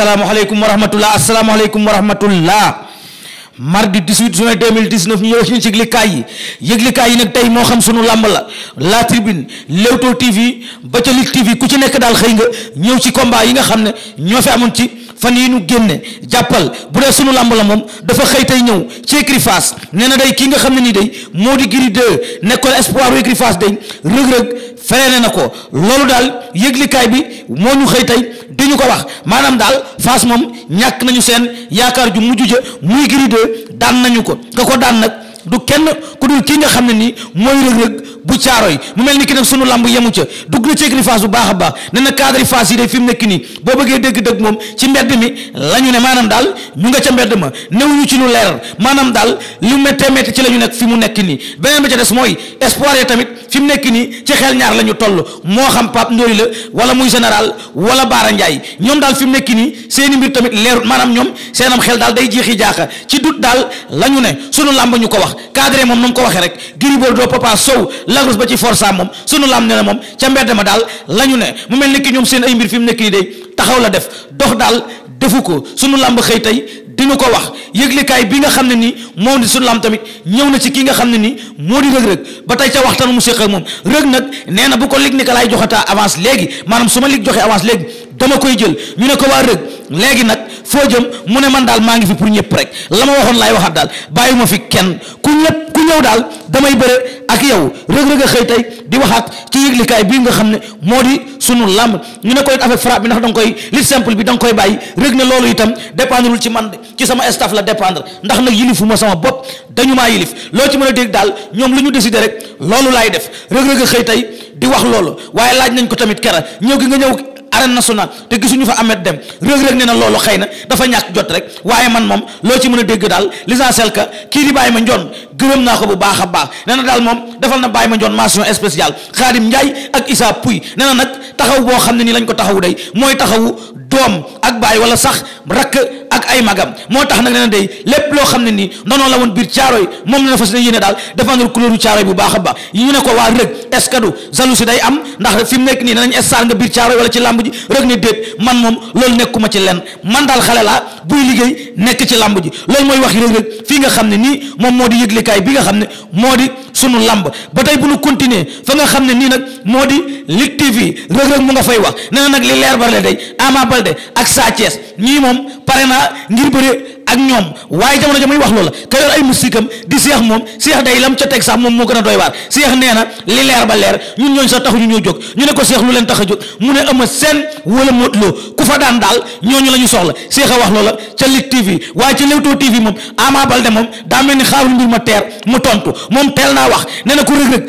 asalaamaaleykum wa rahmatullah asalaamaaleykum wa rahmatullah mardi 18 juin 2019 ñu ñëw ci yëglikaay yi yëglikaay yi nag tey moo xam sunu làmb la la tribune Leewtoo TV ba ca Lutte TV ku ci nekk daal xëy nga ñëw ci combat yi nga xam ne ñoo fi amoon ci fan yi ñu génne jàppal bu dee sunu làmb la moom dafa xëy tey ñëw ci écurie Fass nee na day kii nga xam ne nii day moo di Gris 2 nekkoon espoir u écurie Fass day Reug Reug freiné na ko loolu daal yëglikaay bi moo ñu xëy tey di ñu ko wax maanaam daal Fass moom ñàkk nañu seen yaakaar ju mujj ja muy Gris 2 daan nañu ko nga ko daan nag du kenn ku dul kii nga xam ne nii mooy Reug Reug bu caaroy mu mel ni ki nag sunu làmb yemu ca dugg na ci écurie Fass bu baax a baax ne na cadre Fass yi de fi mu nekk nii boo bëggee dëgg-dëgg moom ci mbedd mi la ñu ne maanaam daal mu nga ca mbedd ma newuñu ci lu leer maanaam daal li méttee métti ci la ñu nekk fi mu nekk nii beneen ba ca des mooy espoir ya tamit fi mu nekk nii ci xel ñaar la ñu toll moo xam Pape Ndoye la wala muy général wala Baara Ndiaye ñoom daal fi mu nekk nii seeni mbir tamit leerut maanaam ñoom seenam xel daal day jeexi jaaxa ci dut daal la ñu ne sunu lamb ñu ko wax cadre moom na mu ko waxee rek Gris Bordeaux Papa Sow lagros ba ci forsa moom sunu laam ne moom ca mbedd ma daal la ne mu mel ni ki ñoom seen ay mbir fi mu nekk nii de taxaw la def dox daal defu ko sunu làmb xëy tey dinu ko wax yëglekaay bi nga xam ne nii moo di sunu lam tamit ñëw na ci ki nga xam ne nii moo di rëg-rëg ba tey ca waxtaan mu séq ak moom rëg nag nee na bu ko lig ni ka laay joxataa avance léegi maanaam su ma lig joxe avance léegi dama koy jël ñu ne ko waa rëg léegi nag foo jëm mu ne man daal maa ngi fi pour ñëpp rek la ma waxoon laay waxaat daal bàyyi ma fi kenn ku ñëw daal damay bëre ak yaw rëg-rëg a xëy tey di waxaat ci yëglikaay bii nga xam ne moo di sunu làmb ñu ne ko it avec bi ndax da nga koy lit simple bi da nga koy bàyyi rëg ne loolu itam dépendrewul ci man de ci sama staff la dépendre ndax nag yilifu ma sama bopp dañu maa yilif loo ci mën a dégg daal ñoom lu ñu décidé rek loolu laay def rëg-rëg a xëy tey di wax loolu waaye laaj nañ ko tamit kera ñëw gi nga ñëw arène nationale te gisuñu fa amet dem rëg-rëg ne na loolu xëy na dafa ñàkk jot rek waaye man moom loo ci mën a dégg daal sel ka kii di bàyyi ma njoon gërëm naa ko bu baax a baax nee daal moom defal na bàyyi ma njoon mention spéciale Xaadim Njaay ak isaa Pouy nee na nag taxaw boo xam ne nii lañ ko taxawu day mooy taxawu doom ak baay wala sax rakk ak ay magam moo tax nag nee na day lépp loo xam ne nii noonu la woon biir caaroy moom la na fas yéene daal dafa andal couleur bu baax a baax ñu ne ko waa rëg est-ce que du mu nekk nii danañ star nga biir caaroy wala ci làmb ji rëg ne déet man moom loolu nekkuma ci lenn man daal xale laa buy liggéey nekk ci làmb ji loolu mooy waxi rëg rëg fii nga xam ne nii moom moo di yëglikaay bi nga xam ne moo di sunu làmb ba tey bu nu continuer fa nga xam ne nii nag moo di Lutte TV rëg mu nga fay wax nag li leer bare day ama Balde ak Sa Thiès ñii moom pare naa ngir bëre ak ñoom waaye jamono ja muy wax loola ka ay musikam di seex moom seex day lam ca teg sax moom moo gën a doy waar seex nee na ba leer ñun ñooñ sax ñoo jóg ñu ne ko seex lu leen tax a mu ne ama seen wala móotloo ku fa daan daal ñooñu la ñu soxla seex a wax loola ca lig tv waaye ca Leewtoo tv moom Ama Baldé moom daa mel ni xaarul mbir ma teer mu tontu moom teel naa wax nee na ko rëg-rëg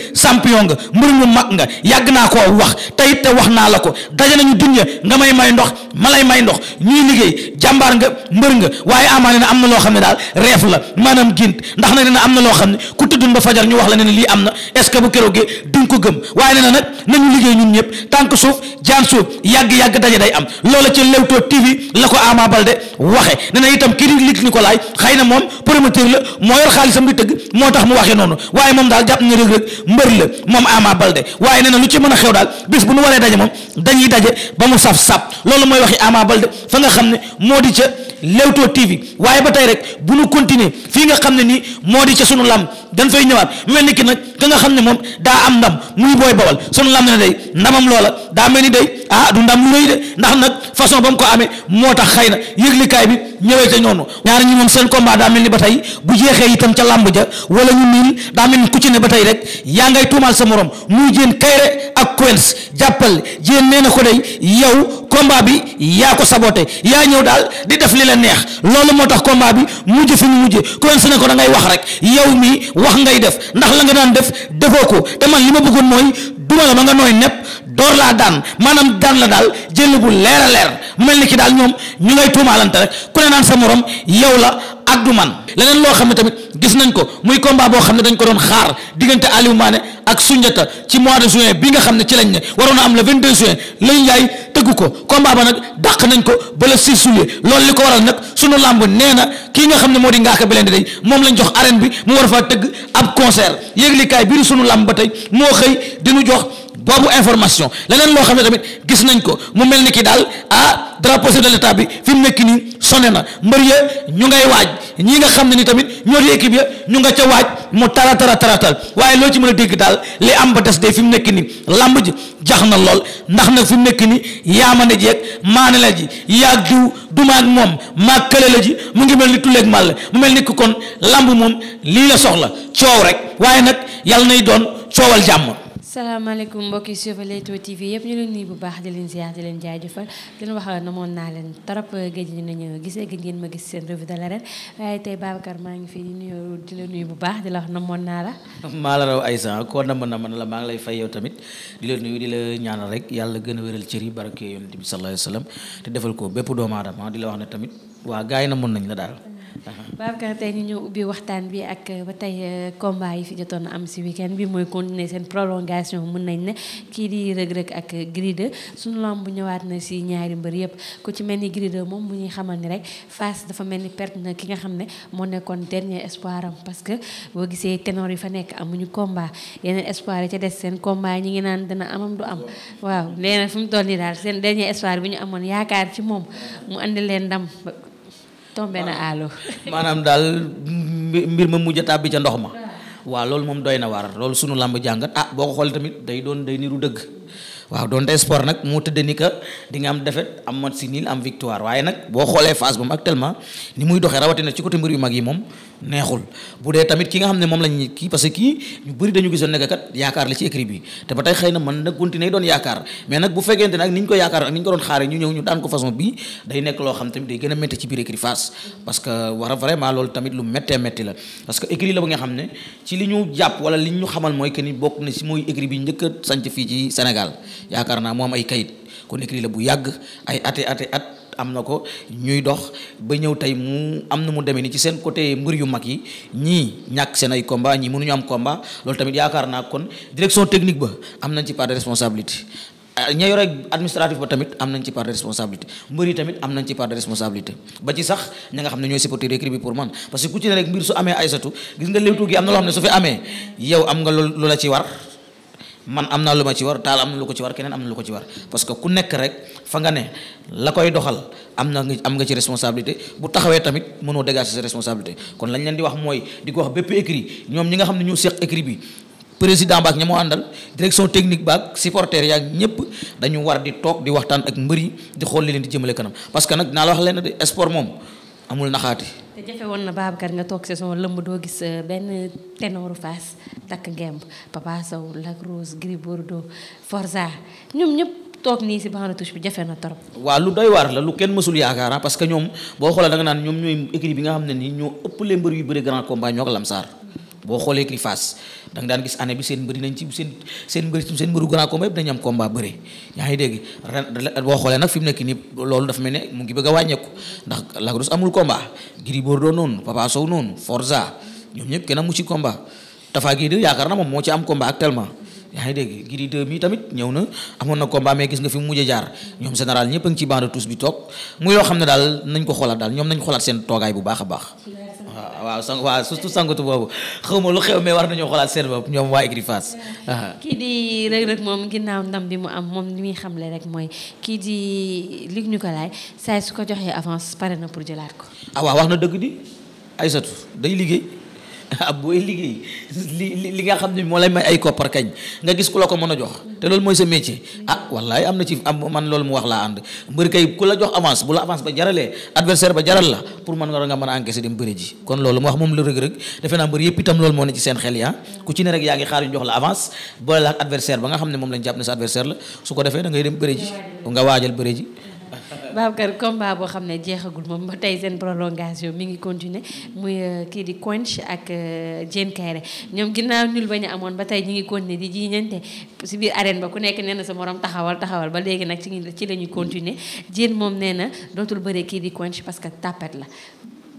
nga mbër mu mag nga yàgg naa koo wax tey te wax naa la ko daje nañu dunya nga may may ndox ma lay may ndox ñuy liggéey jàmbaar nga mbër nga waaye ama nee na am na loo xam ne daal reef la maanaam gént ndax nag nee na am na loo xam ne ku tëddun ba fajar ñu wax la ne lii am na est ce que bu keroogee duñ ko gëm waaye nee na nag nañu liggéey ñun ñëpp tànk suuf jaan suuf yàgg-yàgg daje day am loola ci Leewtoo TV la ko Ama Baldé waxe nee na itam kii di Luc Nicolaï xëy na moom promoteur la moo yor xaalisam di tëgg moo tax mu waxee noonu waaye moom daal jàpp na Reug Reug mbër la moom Ama Baldé waaye nee na lu ci mën a xew daal bis bu nu waree daje moom dañuy daje ba mu saf mooy waxi Ama Baldé fa xam ne moo di ca Leewtoo waaye ba tey rek bu nu continuer fii nga xam ne nii moo di ca sunu lam dañ fay ñëwaat mel ni ki nag ka nga xam ne moom daa am ndam muy booy bawal sunu lam ne day ndamam loola daa mel ni day ah du ndam lu rëy ndax nag façon ba mu ko amee moo tax xëy na yëglikaay bi ñëwee ca ñoonu ñaari ñi moom seen combat daa mel ni ba tey bu jeexee itam ca làmb ja wala ñu niil daa mel ni ku ci ne ba tey rek yaa ngay tuumaal sa moroom mu jéen kayre ak Quench jàppal jéen nee na ko day yow combat bi yaa ko sabote yaa ñëw daal di def li la neex loolu moo tax combat bi mujj fi mu mujjee Quench ne ko dangay wax rek yow mii wax ngay def ndax la nga daan def defoo ko te man ma bëggoon mooy duma la ma nga nooy nepp door laa daan maanaam daan la daal jël bu leer a leer mu mel ni ki daal ñoom ñu ngay tuumaalante rek ku ne naan sa morom yow la ak man leneen loo xam ne tamit gis nañ ko muy combat boo xam ne dañ ko doon xaar diggante Aliou Mané ak Sunjata ci mois de join bi nga xam ne ci lañ ne waroon a am le 22 juin lañ yaay tëgg ko combat ba nag dàq nañ ko ba le 6 juillet loolu li ko waral nag sunu làmb nee na kii nga xam ne moo di Ngaaka Blindé day moom lañ jox arène bi mu war faa tëgg ab concert yéeglikaay biir suñu làmb ba tey moo xëy dinu jox boobu information leneen loo xam ne tamit gis nañ ko mu mel ni ki daal ah drapeau chef de l'état bi fi mu nekk nii sone na mbër ya ñu ngay waaj ñi nga xam ne ni tamit ñoo di équipe ñu nga ca waaj mu tara tara taratal waaye loo ci mën a dégg daal li am ba des de fi mu nekk nii làmb ji jax na lool ndax nag fi mu nekk nii yaama ne jeeg maane la ji yaag diw duma maag moom maag la ji mu ngi mel ni tulleeg màlle mu mel ni ku kon làmb moom lii la soxla coow rek waaye nag yàlla nay doon coowal jàmm salaamaaleykum mbokki suivre Leewtoo TV yëpp ñu leen nuyu bu baax di leen ziar di leen jaajëfal di leen wax namoon naa leen trop géej ñu nañu gisee géej ngeen ma gis seen revue de l'arène tey Babacar maa ngi fi di nuyu di la nuyu bu baax di la wax namoon naa la maa la raw Aïssa koo na mën a la maa ngi lay fay yow tamit di la nuyu di la ñaanal rek yàlla gën a wéral cër yi barke yonent bi sallallahu alayhi wasallam te defal ko bépp doomu aadama di la wax ne tamit waa gars yi na moon nañ la daal Babacar tey ñu ñëw ubbi waxtaan bi ak euh, ba tey euh, combat yi fi jotoon am si weekend bi mooy continuer seen prolongation mën nañ ne kii di Reug Reug ak Gris su suñu lamb ñëwaat na si ñaari mbër yëpp ku ci mel ni Gris moom mu ñuy xamal ni rek Fass dafa mel ni perte na ki nga xam ne moo nekkoon dernier espoir am parce que boo gisee ténor yi fa nekk amuñu combat yeneen espoir yi ca des seen combat ñi ngi naan dana amam du am waaw nee na toll nii daal seen dernier espoir bi ñu amoon yaakaar ci moom mu andi leen ndam tombé na àllu maanaam daal mbir ma mujj a tàbbi ca ndox ma. Ah. waaw loolu moom doy na waar loolu sunu làmb jàngat ah boo ko xool tamit day doon day niru dëgg. waaw doon doonte sport nag moo tëdd ni que di nga am défaite am match nul am victoire waaye nag boo xoolee phase moom actuellement ni muy doxe rawatina ci côté mbir yu mag yi moom neexul bu dee tamit ki nga xam ne moom lañ kii parce que kii ñu bëri dañu gisoon nekk kat yaakaar la ci écrit bi te ba tey xëy na mën na continuer doon yaakaar mais nag bu fekkente ne ak ni ñu ko yaakaar ak ni ñu a métti ci biir écrit face que war a tamit lu méttee métti la parce que écrit la ba nga xam ci li ñu jàpp wala li ñu xamal mooy que ni bokk na si mooy écrit bi njëkk a sanc fii ci Sénégal yaakaar naa moo am ay kayit kon écrit la bu yàgg ay ate ate at am na ko ñuy dox ba ñëw tey mu am na mu demee ni ci seen côté mbër yu mag yi ñii ñàkk seen ay combat ñii mënuñu am combat loolu tamit yaakaar naa kon direction technique ba am na ci part de responsabilité ah, ci part de responsabilité mbër yi tamit am nañ ci part de responsabilité ba ci sax ña nga xam ne ñooy supporter écrit bi pour man parce que ku ci ne rek mbir su amee ay satu gis nga léewtu gi am na loo xam ne su fi amee yow am nga loolu la ci war man am naa lu ma ci war taal am na lu ko ci war keneen am na lu ko ci war parce que ku nekk rek fa nga ne la koy doxal am na am nga ci responsabilité bu taxawee tamit mënoo dégager sa responsabilité kon lañ leen di wax mooy di ko wax bépp écrit ñoom ñi nga xam ne ñu seq écrit bi président baak ña moo àndal direction technique baak supporters yaak ñëpp dañu war di toog di waxtaan ak mbër yi di xool li leen di jëmale kanam parce que nag naa la wax leen de sport amul naxaati. te jafe woon na Babacar nga toog saison lëmb doo gis eh, benn ténoru Fass takk ngemb Papa Sow Lac Rose Gris Bordeaux Forza ñoom ñëpp. toog nii si bande na trop. waaw lu doy waar la lu kenn mësul yaakaara ah, parce ñoom boo xoolee da naan ñoom ñooy équipe bi nga xam ne nii ñoo ëpp les mbër yu bëri grand combat ñoo ko lamsaar boo xoolee ki face da nga daan gis année bi seen mbëri nañ ci seen seen mbëri seen mbëru grand combat yëpp dañu am combat bëri yaa ngi dégg ren boo xoolee nag fi mu nekk nii loolu dafa mel ne mu ngi bëgg a wàññeeku ndax Lac Rose amul combat Gris Bordeaux noonu Papa Sow noonu Forza ñoom ñëpp kenn amu ci combat Tafa Guèye de yaakaar na moom moo ci am combat actuellement yaa ngi dégg Gris 2 mi tamit ñëw na amoon na combat mais gis nga fi mu mujj jaar ñëpp a ngi ci bande tous bi toog muy ne daal nañ ko xoolaat daal ñoom nañ xoolaat seen toogaay bu baax baax waaw sang waaw surtout sangutu boobu xaw ma lu xew mais war nañoo xoolaat seen bopp ñoom waa écurie Fass. kii di Reug Reug moom ginnaaw ndam bi mu am moom li muy xamle rek mooy kii di Luc Nicolaï saa su ko joxee avance pare na pour jëlaat ko. ah waaw wax na dëgg di Aïssatou day liggéey. ah booy liggéey li li nga xam ne moo lay may ay koppar kañ nga gis ku la ko mën a jox te loolu mooy sa métier ah wallaay am na ci am man loolu mu wax laa ànd mbër kay ku la jox avance bu la avance ba jaralee adversaire ba jaral la pour mën nga nga mën a encaisser dem bëri ji moom la rëg-rëg defe naa mbër yëpp ne ci seen xel ya ku ci xam ne moom lañ jàpp ne sa adversaire la su ko defee da ngay dem bëri ji nga waajal bëri Babacar combat boo xam ne jeexagul moom ba tey seen prolongation mi ngi continuer muy euh, kii di Quench ak euh, Diène Kairé ñoom ginnaaw nul ba ñu amoon ba tey ñu ngi continuer di jiiñante si biir arène ba ku nekk nee na sa morom taxawal taxawal ba léegi nag ci ci la ñuy continuer Diène moom nee na dootul bëre kii di Quench parce que tapet la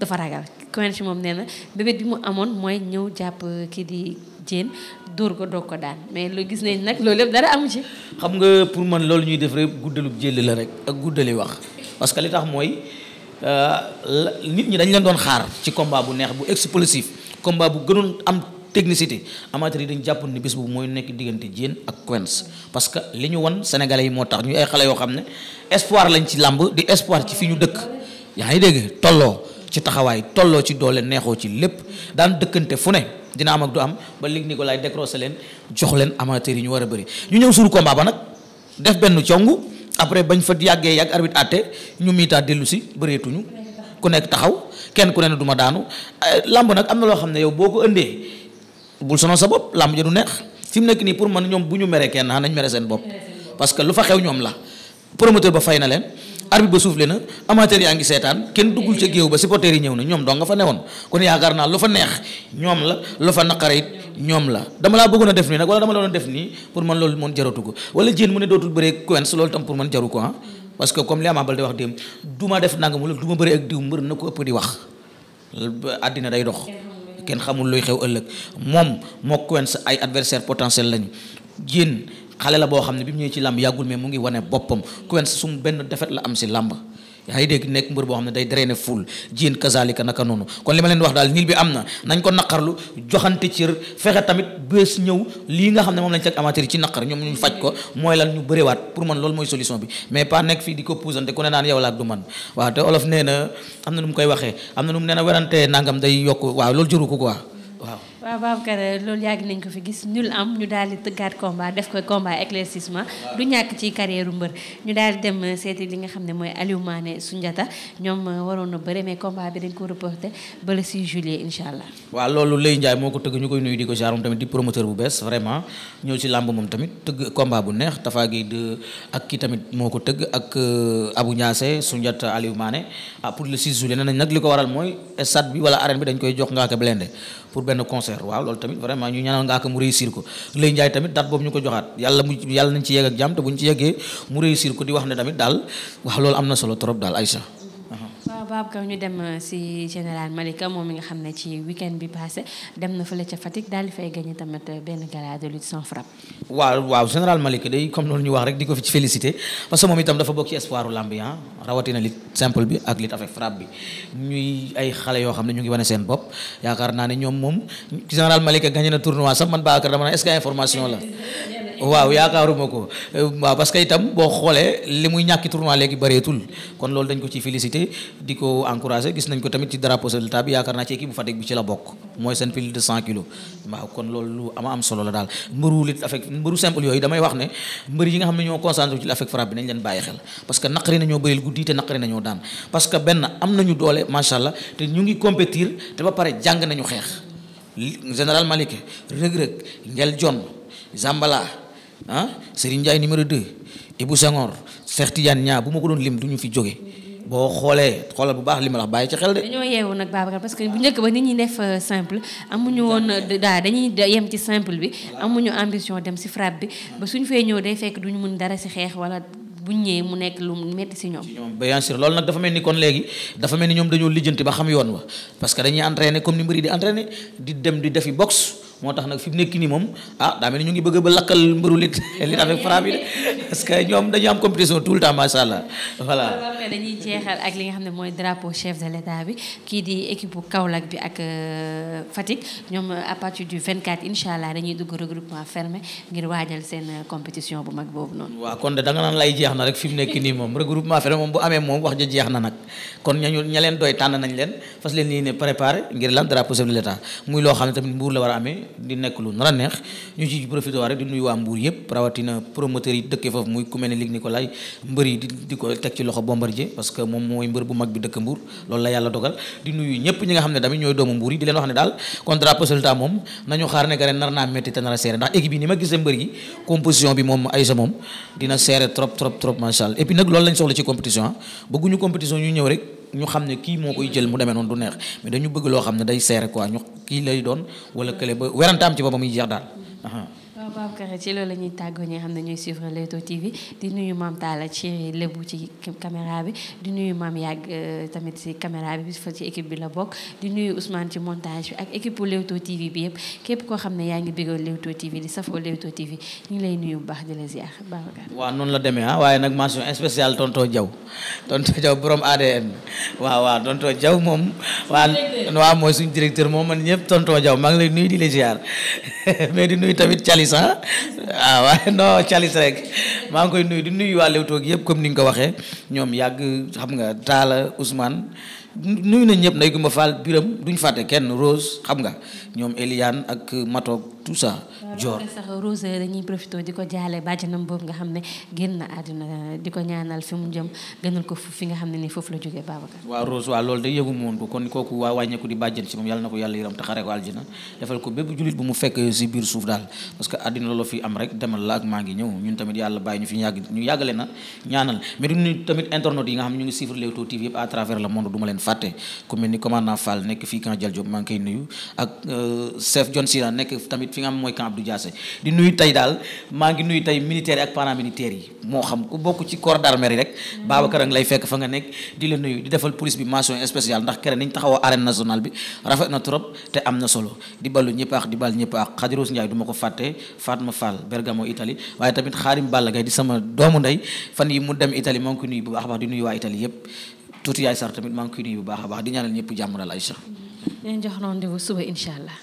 dafa ragal Quench moom nee na bébét bi mu amoon mooy ñëw jàpp kii di jéen dóor ko doog ko daan mais lu gis nañ nag loolu lépp dara amu ci. xam nga pour man loolu ñuy def rek guddalub jël la rek ak guddali wax parce que li tax mooy euh, nit ñi dañ leen doon xaar ci combat bu neex bu explosif combat bu gënoon am technicité amateur yi dañ jàppoon ni bés bu mooy nekk diggante Diène ak Quench parce que li ñu wan sénégalais yi moo tax ñu ay xale yoo xam ne espoir lañ ci làmb di espoir ci fi ñu dëkk ci taxawaay tolloo ci doole neexoo ci lépp daan dëkkante fu ne dina am ak du am ba Luc Nicolaï décroché leen jox leen amateur yi ñu war a bëri ñu ñëw suñu combat ba nag def benn congu après bañ fa yàggee yàgg arbitre àtte ñu miitaat dellu si bëreetuñu ku nekk taxaw kenn ku ne du ma daanu eh, làmb nag am na loo xam ne yow boo ko ëndee bul sonal sa bopp làmb ja du neex fi mu nekk nii pour man ñoom bu ñu meree kenn nañ mere seen bopp parce que lu fa xew ñoom la promoteur ba fay na leen. arbitre ba soufflé na amateur yaa ngi seetaan kenn duggul ca géew ba supporters yi ñëw na ñoom dong nga fa newoon kon yaakaar naa lu fa neex ñoom la lu fa naqare it ñoom la dama laa bëggoon def nii nag wala dama la doon def nii pour man loolu moom jaratu ko wala jéen mu ne dootul bëree Quench loolu tam pour man jaru ko ah parce que comme li Ama Baldé wax démb du ma def nangam wala du ma bëri ak diw mbër na ko ëpp di wax àddina day dox kenn xamul luy xew ëllëg moom moo Quench ay adversaire potentiel lañu jéen xale la boo xam ne bi mu ñëwee ci làmb yàggul mais mu ngi wane boppam Quench suñu benn defet la am si làmb yaa dégg nekk mbër boo xam ne day drainer full jiin kazalika naka noonu kon li ma leen wax daal niil bi am na nañ ko naqarlu joxante cër fexe tamit bés ñëw lii nga xam ne moom lañ teg amateur yi ci naqar ñoom ñu faj ko mooy lan ñu pour man loolu mooy solution bi mais pas nekk fii di ko puusante ku ne naan yow la du man waaw te olof na koy waxee am na nu mu nee na werante nangam day yokk waaw loolu jëru ko quoi waaw Babacar loolu yàgg nañ ko fi gis ñul am ñu daal di tëggaat combat def ko combat éclaircissement du ñàkk ci carrière mbër ñu daal di dem euh, seeti li nga xam ne mooy Aliou Mané Sunjata ñoom euh, waroon na bëre mais combat bi dañ ko ba le 6 juillet incha allah. waaw loolu Lay Ndiaye moo ko tëgg ñu koy nuyu di ko jaar moom tamit di promoteur bu bees vraiment ñëw ci làmb moom tamit tëgg combat bu neex Tafa Gueye de ak kii tamit moo ko tëgg ak euh, Abou Niasse Sunjata Aliou Mané ah pour le 6 juillet nee nañ nag li ko waral mooy stade bi wala arène bi dañ koy jox Ngaaka Blindé pour benn concert waaw loolu tamit vraiment ñu ñaanal nga ak mu réussir ko lay njaay tamit date boobu ñu ko joxaat yàlla mu yàlla nañ ci yegg ak jàmm te bu ñu ci yeggee mu réussir ko di wax ne tamit daal wax loolu am na solo trop daal Aïcha Babacar ñu dem si euh, général Malika moom mi nga xam ne ci weekend bi passé dem na fële ca Fatick daal di fay gagné tamit euh, benn gala de sans frappe. waaw waaw général Malika day comme loolu ñu wax rek di ko fi félicité parce moom itam dafa bokk ci espoiru lamb yi ah rawatina lutte simple bi ak lutte avec frappe bi ñuy ay xale yoo xam ne ñu ngi wane seen bopp yaakaar naa ne ñoom moom général Malika gagné na tournoi sax man Babacar dama ne est-ce waaw yaakaaruma ko waaw parce que itam boo xoolee li muy ñàkki tournoi léegi bëreetul kon loolu dañ ko ci félicité di ko encouragé gis nañ ko tamit ci dara résultat bi yaakaar naa ci équipe bu bi ci la bokk mooy seen pile de cent kilos waaw kon loolu lu ama am solo la daal mbëru lit avec mbëru simple yooyu damay wax ne mbër yi nga xam ne ñoo concentré ci avec frappe bi nañ leen bàyyi xel parce que naqari nañoo bëril guddi te naqari nañoo daan parce que benn doole macha allah te ñu ngi compétir te ba pare jàng nañu xeex général Malick rëg-rëg njel jon zambala ah Serigne Ndiaye numéro 2 Ibou Senghor Cheikh Tidiane ñaa bu ma ko doon lim du fi jóge boo xoolee xoolal bu baax li ma la wax bàyyi ci xel de. dañoo yeewu nag Babacar parce que bu njëkk ba nit ñu def euh, simple amuñu woon daa dañuy yem ci simple bi amuñu ambition dem si frappe bi ba suñu fee ñëw day fekk duñu mën dara si xeex wala buñ ñëwee mu nekk lu metti si ñoom. bien sûr lool nag dafa mel ni kon léegi dafa mel ni ñoom dañoo lijjanti ba xam yoon wa parce que dañuy entraîné comme ni mbir yi di di dem di defi boxe. moo tax nag fi mu nekk nii moom ah daa ni ñu ngi bëgg ba lakkal mbëru lit lit avec Fra bi de parce que ñoom dañu am compétition tout le temps macha allah ak li nga xam ne mooy drapeau chef de bi kii di équipe bu Kaolack ak euh, Fatick ñoom euh, à partir du 24 incha allah dañuy dugg euh, bu mag boobu noonu. waaw kon de da fi mu nekk nii moom regroupement fermé moom moom wax ja jeex na leen doy tànn nañ leen fas leen nii ne préparé ngir lan drapeau chef muy loo xam ne tamit mbuur la war a amee. di nekk lu nar a neex ñu ci profité rek di nuyu waa Mbour yëpp rawatina promoteur yi dëkkee foofu muy ku mel ne Ligue Nicolas ko teg mbër yi di leen wax ne daal contrat résultat moom nañu xaar ne que ren naa métti te nar a seere ndax équipe yi ni ma gisee mbër yi composition bi moom ay sa moom dina seere trop trop trop macha et puis nag loolu lañ soxla ci compétition ah. bëgguñu compétition ñu ñëw rek ñu xam ne kii moo koy jël mu demee noonu du neex mais dañu bëgg loo xam ne day seere quoi ñu kii lay doon wala kële ba werantaam ci boppam yi jeex daal. Babacar ci loolu la ñuy tàggoo ñi xam ne ñooy suivre Leewtoo TV di nuyu maam Talla ci lébu ci caméra bi di nuyu maam yàgg euh, tamit si caméra bi fa ci équipe bi la bokk di nuyu Ousmane ci montage bi ak équipe bu Leewtoo TV bi yëpp képp koo xam ne yaa ngi bëggoon Leewtoo TV di safoo Leewtoo TV ñu lay nuyu bu baax di la ziar Babacar. waaw noonu la demee ah waaye nag mention spéciale tonton Diaw tonton Diaw borom waaw waaw tonton Diaw moom. waa waaw mooy suñu directeur moom man ñëpp tonton Diaw maa ngi lay di la mais di nuyu tamit Thialisa. Ah. ah ah waaye non calis rek maa ngi koy nuyu di nuyu waa Leewtoo gi yëpp comme ni nga ko waxee ñoom yàgg xam nga Talla Ousmane. nuyu nañ ñëpp Ndeye Coumba Fall Biram duñ fàtte kenn Rose xam nga ñoom Eliane ak Mato tout ça. Dior Rose dañuy profité di ko jaale bàjjanam boobu nga xam ne génn àdduna di ko ñaanal fi mu jëm gënal ko fi nga xam ne nii foofu la na ko yàlla yërëm taxare jullit bu mu fekk si biir suuf daal parce que àddina loolu fi am rek demal la ak maa ngi ñëw ñun tamit yàlla bàyyi ñu fi yàgg ñu yàggale na ñaanal mais du ñu tamit internautes yi nga xam ñu ngi suivre Leewtoo TV yëpp à travers fàtte ku mel ni commandant Fall nekk fii camp Dial Diop maa ngi koy nuyu ak euh, chef John Sira nekk tamit fi nga xam mooy camp Abdou Diassé di nuyu tey daal maa ngi nuyu tey militaire yi ak paramilitaire yi moo xam ku bokk ci corps d'armée rek mm-hmm. Babacar a ngi lay fekk fa nga nekk di la nuyu di defal police bi mention spéciale ndax kere niñ taxawoo arène nationale bi rafet na trop te am na solo di ballu ñëpp ak di bal ñëpp ak Khadiros Ndiaye du ma ko fàtte Fatma Fall Bergamo Italie waaye tamit Xaarim Balla Gaye sama doomu ndey fan yi mu dem Italie moo ngi ko nuyu bu baax di nuyu waa Italie yëpp tuuti yaay sar tamit maa ngi koy nuyu bu baax a baax di ñaanal ñëpp jàmm daal Aïcha. leen jox rendez-vous suba incha allah.